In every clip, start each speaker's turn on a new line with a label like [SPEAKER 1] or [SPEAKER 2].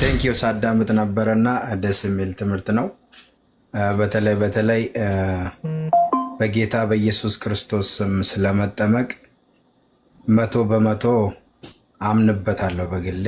[SPEAKER 1] ቴንኪዩ ሳዳምጥ ነበረና ደስ የሚል ትምህርት ነው። በተለይ በተለይ በጌታ በኢየሱስ ክርስቶስ ስም ስለመጠመቅ መቶ በመቶ አምንበታለሁ በግሌ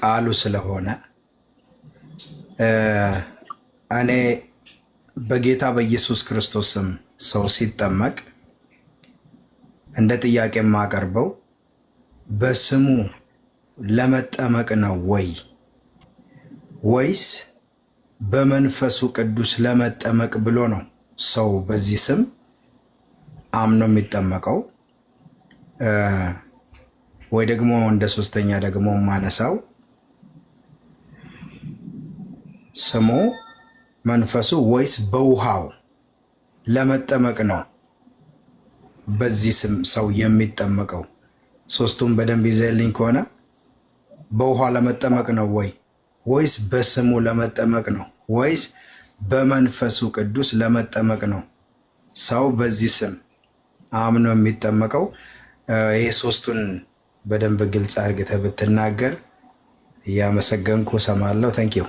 [SPEAKER 1] ቃሉ ስለሆነ እኔ በጌታ በኢየሱስ ክርስቶስ ስም ሰው ሲጠመቅ እንደ ጥያቄ የማቀርበው በስሙ ለመጠመቅ ነው ወይ ወይስ በመንፈሱ ቅዱስ ለመጠመቅ ብሎ ነው ሰው በዚህ ስም አምኖ የሚጠመቀው? ወይ ደግሞ እንደ ሶስተኛ ደግሞ ማነሳው ስሙ መንፈሱ ወይስ በውሃው ለመጠመቅ ነው በዚህ ስም ሰው የሚጠመቀው? ሶስቱም በደንብ ይዘልኝ ከሆነ በውሃ ለመጠመቅ ነው ወይ ወይስ በስሙ ለመጠመቅ ነው? ወይስ በመንፈሱ ቅዱስ ለመጠመቅ ነው? ሰው በዚህ ስም አምኖ የሚጠመቀው ይህ ሶስቱን በደንብ ግልጽ አድርገህ ብትናገር እያመሰገንኩ ሰማለሁ። ተንኪው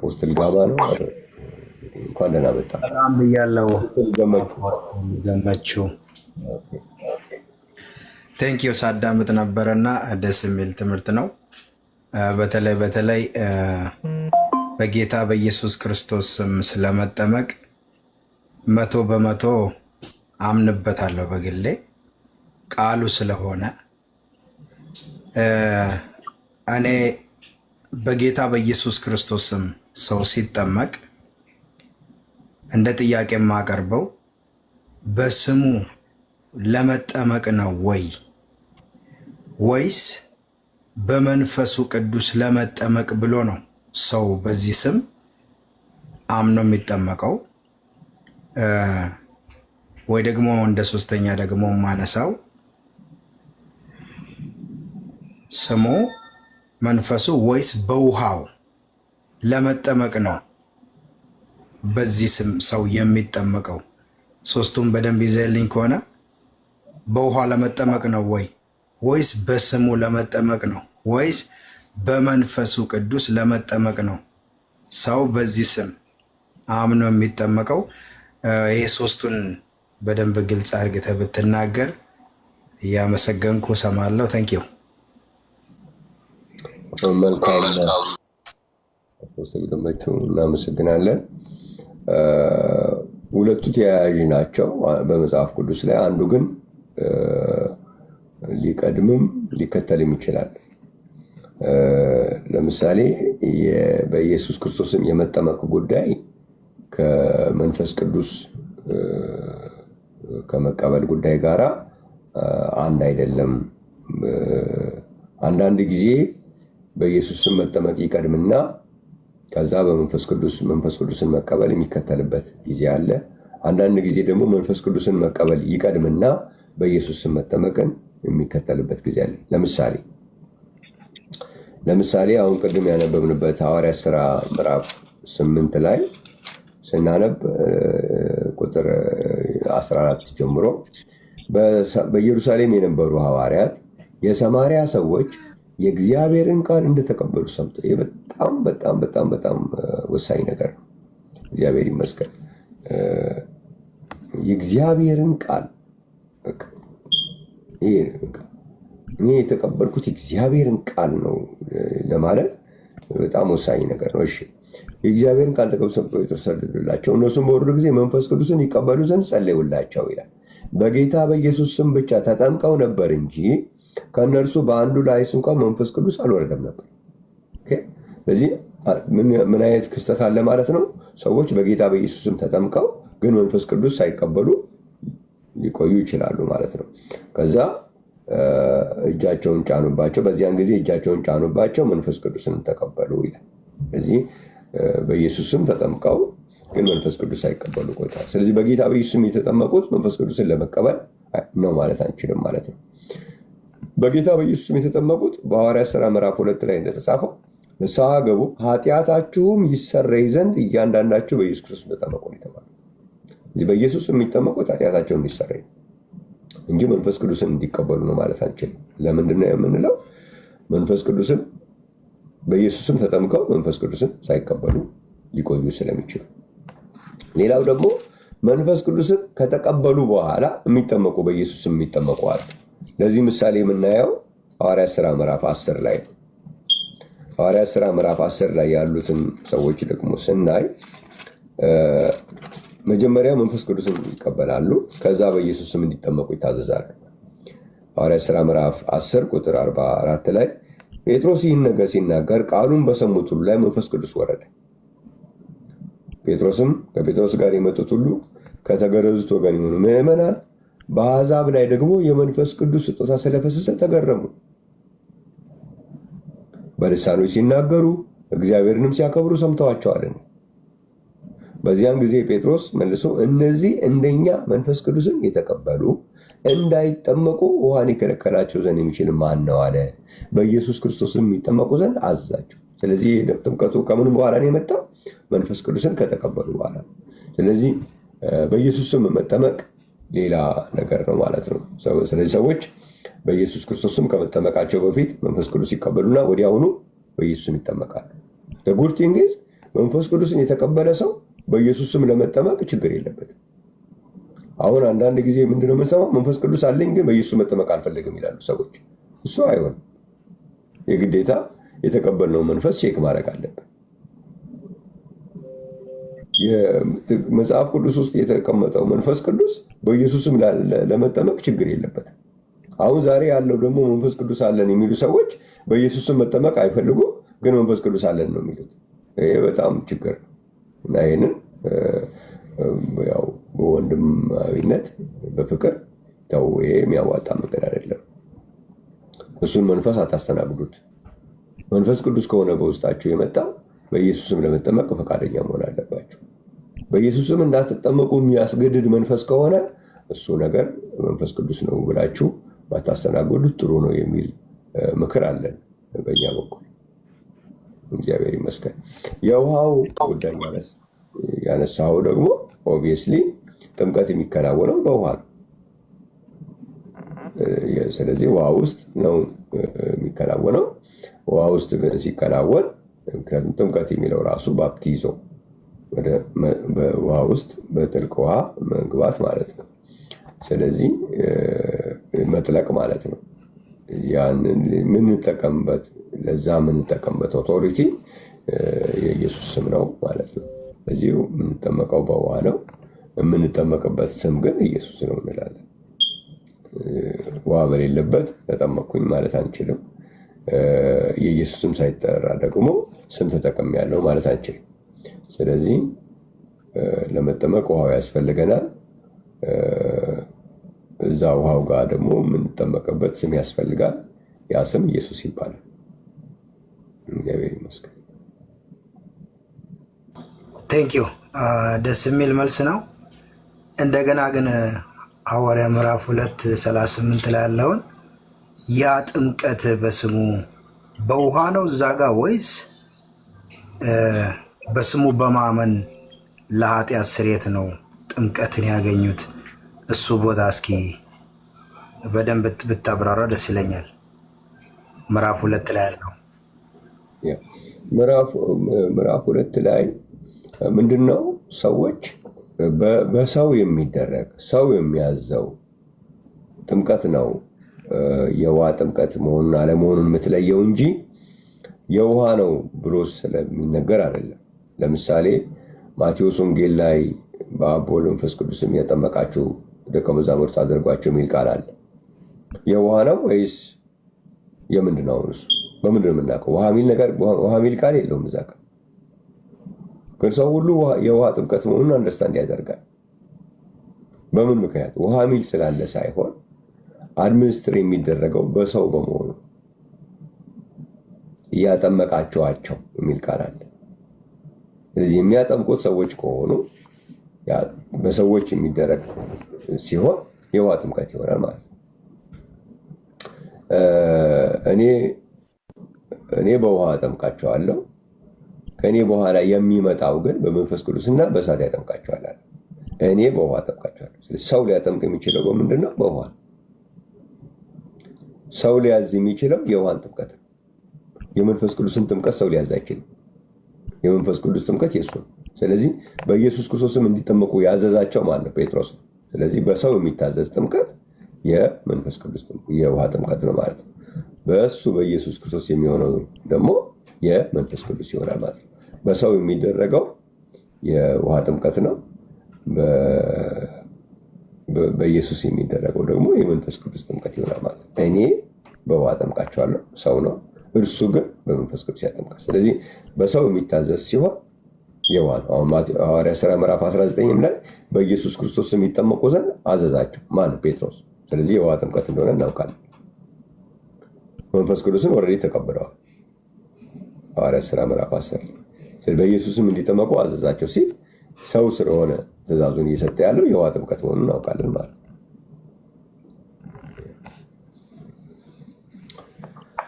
[SPEAKER 2] ፖስት ልጋባ ነው። እንኳን ደህና መጣ
[SPEAKER 1] ሰላም ብያለሁ። ገመችው ቴንኪዩ። ሳዳምጥ እና ደስ የሚል ትምህርት ነው። በተለይ በተለይ በጌታ በኢየሱስ ክርስቶስ ስም ስለመጠመቅ መቶ በመቶ አምንበታለሁ በግሌ ቃሉ ስለሆነ እኔ በጌታ በኢየሱስ ክርስቶስ ስም ሰው ሲጠመቅ እንደ ጥያቄ የማቀርበው በስሙ ለመጠመቅ ነው ወይ ወይስ በመንፈሱ ቅዱስ ለመጠመቅ ብሎ ነው ሰው በዚህ ስም አምኖ የሚጠመቀው? ወይ ደግሞ እንደ ሶስተኛ ደግሞ ማነሳው ስሙ መንፈሱ ወይስ በውሃው ለመጠመቅ ነው። በዚህ ስም ሰው የሚጠመቀው ሶስቱም በደንብ ይዘልኝ ከሆነ በውሃ ለመጠመቅ ነው ወይ ወይስ በስሙ ለመጠመቅ ነው ወይስ በመንፈሱ ቅዱስ ለመጠመቅ ነው? ሰው በዚህ ስም አምኖ የሚጠመቀው ይህ ሶስቱን በደንብ ግልጽ አድርገህ ብትናገር እያመሰገንኩ ሰማለሁ። ተንኪው
[SPEAKER 2] መልካም ስለገመችው እናመሰግናለን። ሁለቱ ተያያዥ ናቸው በመጽሐፍ ቅዱስ ላይ፣ አንዱ ግን ሊቀድምም ሊከተልም ይችላል። ለምሳሌ በኢየሱስ ክርስቶስም የመጠመቅ ጉዳይ ከመንፈስ ቅዱስ ከመቀበል ጉዳይ ጋር አንድ አይደለም። አንዳንድ ጊዜ በኢየሱስም መጠመቅ ይቀድምና ከዛ በመንፈስ ቅዱስ መንፈስ ቅዱስን መቀበል የሚከተልበት ጊዜ አለ። አንዳንድ ጊዜ ደግሞ መንፈስ ቅዱስን መቀበል ይቀድምና በኢየሱስ ስም መጠመቅን የሚከተልበት ጊዜ አለ። ለምሳሌ ለምሳሌ አሁን ቅድም ያነበብንበት ሐዋርያ ስራ ምዕራፍ ስምንት ላይ ስናነብ ቁጥር 14 ጀምሮ በኢየሩሳሌም የነበሩ ሐዋርያት የሰማሪያ ሰዎች የእግዚአብሔርን ቃል እንደተቀበሉ ሰምቶ በጣም በጣም በጣም በጣም ወሳኝ ነገር ነው። እግዚአብሔር ይመስገን። የእግዚአብሔርን ቃል እኔ የተቀበልኩት የእግዚአብሔርን ቃል ነው ለማለት በጣም ወሳኝ ነገር ነው። እሺ የእግዚአብሔርን ቃል ተቀብሎ የተሰደዱላቸው እነሱም በወረዱ ጊዜ መንፈስ ቅዱስን ይቀበሉ ዘንድ ጸለዩላቸው ይላል። በጌታ በኢየሱስ ስም ብቻ ተጠምቀው ነበር እንጂ ከእነርሱ በአንዱ ላይ እንኳ መንፈስ ቅዱስ አልወረደም ነበር። ስለዚህ ምን አይነት ክስተት አለ ማለት ነው? ሰዎች በጌታ በኢየሱስም ተጠምቀው ግን መንፈስ ቅዱስ ሳይቀበሉ ሊቆዩ ይችላሉ ማለት ነው። ከዛ እጃቸውን ጫኑባቸው፣ በዚያን ጊዜ እጃቸውን ጫኑባቸው መንፈስ ቅዱስን ተቀበሉ ይላል። ስለዚህ በኢየሱስም ተጠምቀው ግን መንፈስ ቅዱስ ሳይቀበሉ ቆይተዋል። ስለዚህ በጌታ በኢየሱስም የተጠመቁት መንፈስ ቅዱስን ለመቀበል ነው ማለት አንችልም ማለት ነው። በጌታ በኢየሱስም የተጠመቁት በሐዋርያ ሥራ ምዕራፍ ሁለት ላይ እንደተጻፈው ንስሐ ገቡ ኃጢአታችሁም ይሰረይ ዘንድ እያንዳንዳችሁ በኢየሱስ ክርስቶስ ተጠመቁ የተባለ እዚህ በኢየሱስ የሚጠመቁት ኃጢአታቸውን ይሰረይ እንጂ መንፈስ ቅዱስን እንዲቀበሉ ነው ማለት አንችልም። ለምንድን ነው የምንለው? መንፈስ ቅዱስን በኢየሱስም ተጠምቀው መንፈስ ቅዱስን ሳይቀበሉ ሊቆዩ ስለሚችሉ። ሌላው ደግሞ መንፈስ ቅዱስን ከተቀበሉ በኋላ የሚጠመቁ በኢየሱስ የሚጠመቁ አሉ። ለዚህ ምሳሌ የምናየው ሐዋርያ ሥራ ምዕራፍ አስር ላይ ሐዋርያ ስራ ሥራ ምዕራፍ አስር ላይ ያሉትን ሰዎች ደግሞ ስናይ መጀመሪያ መንፈስ ቅዱስን ይቀበላሉ። ከዛ በኢየሱስ ስም እንዲጠመቁ ይታዘዛሉ። ሐዋርያ ሥራ ምዕራፍ 10 ቁጥር 44 ላይ ጴጥሮስ ይህን ነገር ሲናገር ቃሉን በሰሙት ሁሉ ላይ መንፈስ ቅዱስ ወረደ። ጴጥሮስም ከጴጥሮስ ጋር የመጡት ሁሉ ከተገረዙት ወገን የሆኑ ምዕመናን በአሕዛብ ላይ ደግሞ የመንፈስ ቅዱስ ስጦታ ስለፈሰሰ ተገረሙ። በልሳኖች ሲናገሩ እግዚአብሔርንም ሲያከብሩ ሰምተዋቸዋልን። በዚያን ጊዜ ጴጥሮስ መልሶ እነዚህ እንደኛ መንፈስ ቅዱስን የተቀበሉ እንዳይጠመቁ ውሃን የከለከላቸው ዘንድ የሚችል ማን ነው አለ። በኢየሱስ ክርስቶስም የሚጠመቁ ዘንድ አዘዛቸው። ስለዚህ ጥምቀቱ ከምን በኋላ ነው የመጣው? መንፈስ ቅዱስን ከተቀበሉ በኋላ። ስለዚህ በኢየሱስ ስም መጠመቅ ሌላ ነገር ነው ማለት ነው። ስለዚህ ሰዎች በኢየሱስ ክርስቶስም ከመጠመቃቸው በፊት መንፈስ ቅዱስ ይቀበሉና ወዲያውኑ በኢየሱስም ይጠመቃሉ። ጉድ ቲንግ ኢዝ መንፈስ ቅዱስን የተቀበለ ሰው በኢየሱስም ለመጠመቅ ችግር የለበትም። አሁን አንዳንድ ጊዜ ምንድነው የምንሰማው? መንፈስ ቅዱስ አለኝ ግን በኢየሱስ መጠመቅ አልፈልግም ይላሉ ሰዎች። እሱ አይሆንም። የግዴታ የተቀበልነው መንፈስ ቼክ ማድረግ አለብን። መጽሐፍ ቅዱስ ውስጥ የተቀመጠው መንፈስ ቅዱስ በኢየሱስም ለመጠመቅ ችግር የለበትም። አሁን ዛሬ ያለው ደግሞ መንፈስ ቅዱስ አለን የሚሉ ሰዎች በኢየሱስም መጠመቅ አይፈልጉም፣ ግን መንፈስ ቅዱስ አለን ነው የሚሉት። ይሄ በጣም ችግር ይሄንን እና ይህንን ያው በወንድማዊነት በፍቅር ተው፣ ይሄ የሚያዋጣ መንገድ አይደለም። እሱን መንፈስ አታስተናግዱት። መንፈስ ቅዱስ ከሆነ በውስጣችሁ የመጣው በኢየሱስም ለመጠመቅ ፈቃደኛ መሆን አለባቸው። በኢየሱስም እንዳትጠመቁ የሚያስገድድ መንፈስ ከሆነ እሱ ነገር መንፈስ ቅዱስ ነው ብላችሁ ባታስተናግዱት ጥሩ ነው የሚል ምክር አለን በእኛ በኩል። እግዚአብሔር ይመስገን። የውሃው ጉዳይ ያነሳው ደግሞ ኦብቪየስሊ ጥምቀት የሚከናወነው በውሃ ነው። ስለዚህ ውሃ ውስጥ ነው የሚከናወነው። ውሃ ውስጥ ግን ሲከናወን ምክንያቱም ጥምቀት የሚለው ራሱ ባፕቲዞ በውሃ ውስጥ በጥልቅ ውሃ መግባት ማለት ነው። ስለዚህ መጥለቅ ማለት ነው። ያንን የምንጠቀምበት ለዛ የምንጠቀምበት ኦቶሪቲ የኢየሱስ ስም ነው ማለት ነው። እዚሁ የምንጠመቀው በውሃ ነው። የምንጠመቅበት ስም ግን ኢየሱስ ነው እንላለን። ውሃ በሌለበት ተጠመቅኩኝ ማለት አንችልም። የኢየሱስ ስም ሳይጠራ ደግሞ ስም ያለው ማለት አንችልም። ስለዚህ ለመጠመቅ ውሃው ያስፈልገናል። እዛ ውሃው ጋር ደግሞ የምንጠመቅበት ስም ያስፈልጋል። ያ ስም ኢየሱስ ይባላል። እግዚአብሔር ይመስገን።
[SPEAKER 1] ቴንኪዩ። ደስ የሚል መልስ ነው። እንደገና ግን ሐዋርያ ምዕራፍ ሁለት ሰላሳ ስምንት ላይ ያለውን ያ ጥምቀት በስሙ በውሃ ነው እዛ ጋር ወይስ በስሙ በማመን ለኃጢአት ስርየት ነው ጥምቀትን ያገኙት። እሱ ቦታ እስኪ በደንብ ብታብራራ ደስ ይለኛል። ምዕራፍ ሁለት ላይ ያለው ምዕራፍ ሁለት ላይ ምንድን ነው? ሰዎች በሰው የሚደረግ ሰው የሚያዘው ጥምቀት ነው የውሃ ጥምቀት መሆኑን አለመሆኑን የምትለየው እንጂ የውሃ ነው ብሎ ስለሚነገር አይደለም። ለምሳሌ ማቴዎስ ወንጌል ላይ በአብ በወልድ በመንፈስ ቅዱስም ያጠመቃችሁ ደቀ መዛሙርት አድርጓቸው የሚል ቃል አለ። የውሃ ነው ወይስ የምንድን ነው? አሁን እሱ በምንድን ነው የምናውቀው? ውሃ የሚል ቃል የለውም እዛ ቃል። ግን ሰው ሁሉ የውሃ ጥምቀት መሆኑን አንደርስታንድ ያደርጋል። በምን ምክንያት? ውሃ የሚል ስላለ ሳይሆን አድሚኒስትር የሚደረገው በሰው በመሆኑ እያጠመቃቸዋቸው የሚል ቃል አለ። ስለዚህ የሚያጠምቁት ሰዎች ከሆኑ በሰዎች የሚደረግ ሲሆን የውሃ ጥምቀት ይሆናል ማለት ነው። እኔ በውሃ አጠምቃቸዋለሁ ከእኔ በኋላ የሚመጣው ግን በመንፈስ ቅዱስና በእሳት ያጠምቃቸዋል። እኔ በውሃ አጠምቃቸዋለሁ። ሰው ሊያጠምቅ የሚችለው በምንድን ነው? በውሃ ሰው ሊያዝ የሚችለው የውሃን ጥምቀት ነው። የመንፈስ ቅዱስን ጥምቀት ሰው ሊያዝ አይችልም። የመንፈስ ቅዱስ ጥምቀት የሱ ነው። ስለዚህ በኢየሱስ ክርስቶስም እንዲጠመቁ ያዘዛቸው ማን ነው? ጴጥሮስ ነው። ስለዚህ በሰው የሚታዘዝ ጥምቀት የመንፈስ ቅዱስ የውሃ ጥምቀት ነው ማለት ነው። በእሱ በኢየሱስ ክርስቶስ የሚሆነው ደግሞ የመንፈስ ቅዱስ ይሆናል ማለት ነው። በሰው የሚደረገው የውሃ ጥምቀት ነው። በኢየሱስ የሚደረገው ደግሞ የመንፈስ ቅዱስ ጥምቀት ይሆናል ማለት ነው። እኔ በውሃ ጠምቃቸዋለሁ። ሰው ነው እርሱ ግን በመንፈስ ቅዱስ ያጠምቃል። ስለዚህ በሰው የሚታዘዝ ሲሆን የዋል ሐዋርያ ሥራ ምዕራፍ 19 ላይ በኢየሱስ ክርስቶስ የሚጠመቁ ዘንድ አዘዛቸው ማን? ጴጥሮስ። ስለዚህ የውሃ ጥምቀት እንደሆነ እናውቃለን። መንፈስ ቅዱስን ወረዴ ተቀብለዋል። ሐዋርያ ሥራ ምዕራፍ 10 በኢየሱስም እንዲጠመቁ አዘዛቸው ሲል ሰው ስለሆነ ትእዛዙን እየሰጠ ያለው የውሃ ጥምቀት መሆኑን እናውቃለን ማለት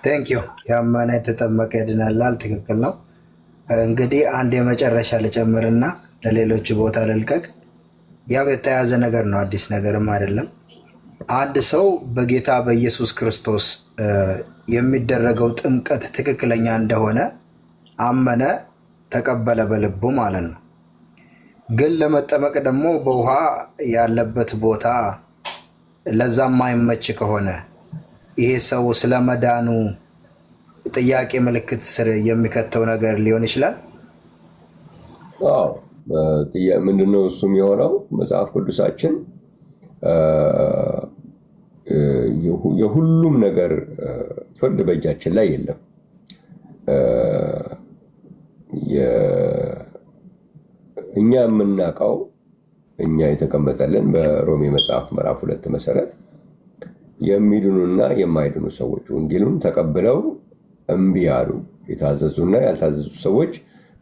[SPEAKER 1] ቴንክዩ ያመነ የተጠመቀ ያድናላል። ትክክል ነው። እንግዲህ አንድ የመጨረሻ ልጨምርና ለሌሎች ቦታ ልልቀቅ። ያው የተያዘ ነገር ነው፣ አዲስ ነገርም አይደለም። አንድ ሰው በጌታ በኢየሱስ ክርስቶስ የሚደረገው ጥምቀት ትክክለኛ እንደሆነ አመነ፣ ተቀበለ በልቡ ማለት ነው። ግን ለመጠመቅ ደግሞ በውሃ ያለበት ቦታ ለዛ ማይመች ከሆነ ይሄ ሰው ስለመዳኑ ጥያቄ ምልክት ስር የሚከተው ነገር ሊሆን ይችላል።
[SPEAKER 2] ምንድነው እሱም የሆነው መጽሐፍ ቅዱሳችን የሁሉም ነገር ፍርድ በእጃችን ላይ የለም። እኛ የምናውቀው እኛ የተቀመጠልን በሮሜ መጽሐፍ ምዕራፍ ሁለት መሰረት የሚድኑና የማይድኑ ሰዎች ወንጌሉን ተቀብለው እምቢ ያሉ የታዘዙና ያልታዘዙ ሰዎች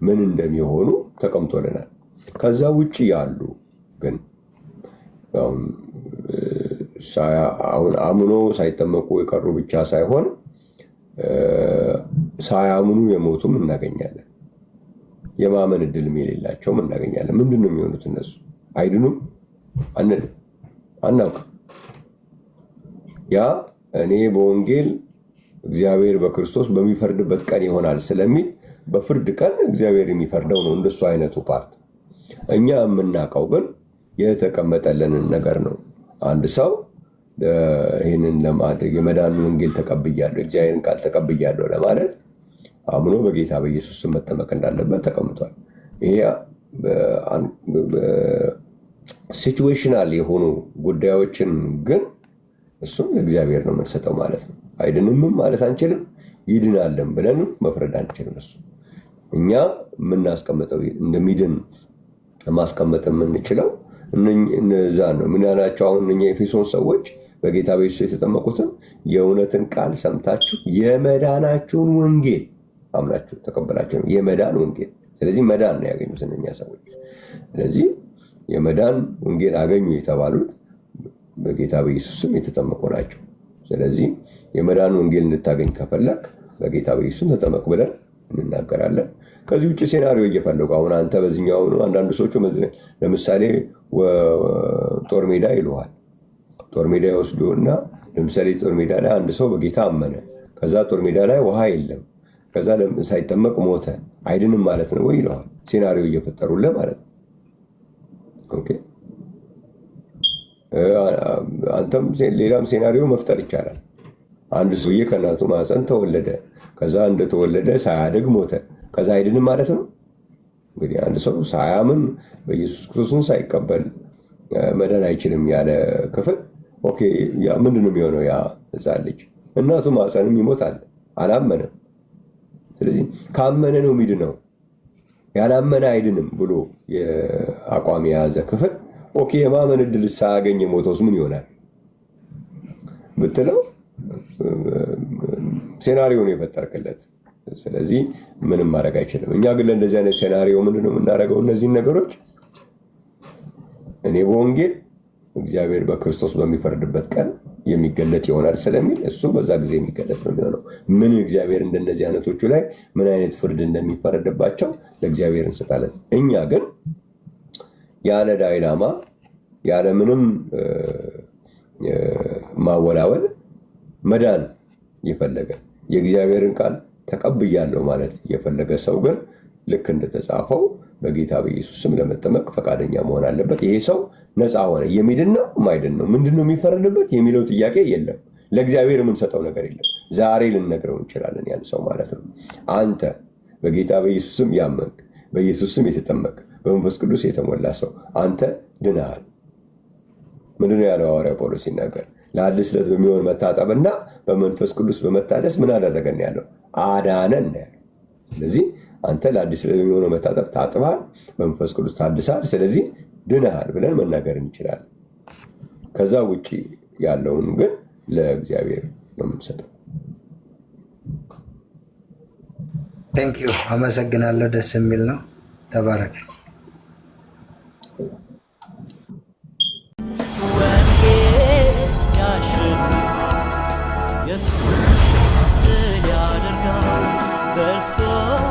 [SPEAKER 2] ምን እንደሚሆኑ ተቀምጦልናል። ከዛ ውጭ ያሉ ግን አሁን አምኖ ሳይጠመቁ የቀሩ ብቻ ሳይሆን ሳያምኑ የሞቱም እናገኛለን። የማመን እድልም የሌላቸውም እናገኛለን። ምንድን ነው የሚሆኑት? እነሱ አይድኑም አንል አናውቅም። ያ እኔ በወንጌል እግዚአብሔር በክርስቶስ በሚፈርድበት ቀን ይሆናል ስለሚል በፍርድ ቀን እግዚአብሔር የሚፈርደው ነው። እንደሱ አይነቱ ፓርት እኛ የምናውቀው ግን የተቀመጠልንን ነገር ነው። አንድ ሰው ይህንን ለማድረግ የመዳኑን ወንጌል ተቀብያለሁ፣ እግዚአብሔርን ቃል ተቀብያለሁ ለማለት አምኖ በጌታ በኢየሱስ ስም መጠመቅ እንዳለበት ተቀምጧል። ይሄ ሲቹዌሽናል የሆኑ ጉዳዮችን ግን እሱም ለእግዚአብሔር ነው የምንሰጠው ማለት ነው። አይድንምም ማለት አንችልም፣ ይድናለን ብለን መፍረድ አንችልም። እሱ እኛ የምናስቀምጠው እንደሚድን ማስቀመጥ የምንችለው እነዛ ነው። ምን ያላቸው አሁን እኛ ኤፌሶን ሰዎች በጌታ በኢየሱስ የተጠመቁትም የእውነትን ቃል ሰምታችሁ የመዳናችሁን ወንጌል አምናችሁ ተቀበላችሁ፣ የመዳን ወንጌል። ስለዚህ መዳን ነው ያገኙት እነኛ ሰዎች። ስለዚህ የመዳን ወንጌል አገኙ የተባሉት በጌታ ስም የተጠመቁ ናቸው። ስለዚህ የመዳን ወንጌል እንድታገኝ ከፈለግ በጌታ በኢየሱስም ተጠመቅ ብለን እንናገራለን። ከዚህ ውጭ ሴናሪዮ እየፈለጉ አሁን አንተ በዚኛው አንዳንድ ሰዎቹ ለምሳሌ ጦር ሜዳ ይለዋል። ጦር ሜዳ እና ለምሳሌ ጦር ሜዳ ላይ አንድ ሰው በጌታ አመነ። ከዛ ጦር ሜዳ ላይ ውሃ የለም፣ ከዛ ሳይጠመቅ ሞተ፣ አይድንም ማለት ነው ወይ ይለዋል። ሴናሪዮ እየፈጠሩለ ማለት ነው። ኦኬ አንተም ሌላም ሴናሪዮ መፍጠር ይቻላል። አንድ ሰውዬ ከእናቱ ማህፀን ተወለደ። ከዛ እንደተወለደ ሳያደግ ሞተ። ከዛ አይድንም ማለት ነው። እንግዲህ አንድ ሰው ሳያምን በኢየሱስ ክርስቶስን ሳይቀበል መዳን አይችልም ያለ ክፍል ኦኬ፣ ምንድን ነው የሚሆነው? ያ ሕፃን ልጅ እናቱ ማህፀንም ይሞታል። አላመነም። ስለዚህ ካመነ ነው ሚድ ነው ያላመነ አይድንም ብሎ አቋም የያዘ ክፍል ኦኬ የማመን እድል ሳያገኝ የሞተውስ ምን ይሆናል ብትለው ሴናሪዮ ነው የፈጠርክለት። ስለዚህ ምንም ማድረግ አይችልም። እኛ ግን ለእንደዚህ አይነት ሴናሪዮ ምንድን ነው የምናደርገው? እነዚህን ነገሮች እኔ በወንጌል እግዚአብሔር በክርስቶስ በሚፈርድበት ቀን የሚገለጥ ይሆናል ስለሚል እሱ በዛ ጊዜ የሚገለጥ ነው የሚሆነው። ምን እግዚአብሔር እንደነዚህ አይነቶቹ ላይ ምን አይነት ፍርድ እንደሚፈረድባቸው ለእግዚአብሔር እንሰጣለን። እኛ ግን ያለ ዳይናማ ያለ ምንም ማወላወል መዳን የፈለገ የእግዚአብሔርን ቃል ተቀብያለሁ ማለት የፈለገ ሰው ግን ልክ እንደተጻፈው በጌታ በኢየሱስ ስም ለመጠመቅ ፈቃደኛ መሆን አለበት። ይሄ ሰው ነፃ ሆነ። የሚድን ነው ማይድን ነው ምንድን ነው የሚፈረድበት የሚለው ጥያቄ የለም። ለእግዚአብሔር የምንሰጠው ነገር የለም። ዛሬ ልንነግረው እንችላለን ያን ሰው ማለት ነው። አንተ በጌታ በኢየሱስ ስም ያመንክ በኢየሱስ ስም የተጠመቅ በመንፈስ ቅዱስ የተሞላ ሰው አንተ ድናሃል። ምንድነው ያለው ሐዋርያ ጳውሎስ ሲናገር ለአዲስ ስለት በሚሆን መታጠብና በመንፈስ ቅዱስ በመታደስ ምን አደረገን ያለው አዳነን ያለው። ስለዚህ አንተ ለአዲስ ስለት በሚሆነው መታጠብ ታጥበሃል፣ በመንፈስ ቅዱስ ታድሳል፣ ስለዚህ ድናሃል ብለን መናገር እንችላለን። ከዛ ውጭ ያለውን ግን ለእግዚአብሔር ነው የምንሰጠው።
[SPEAKER 1] ቴንክ ዩ አመሰግናለሁ። ደስ የሚል ነው። ተባረክ። 我。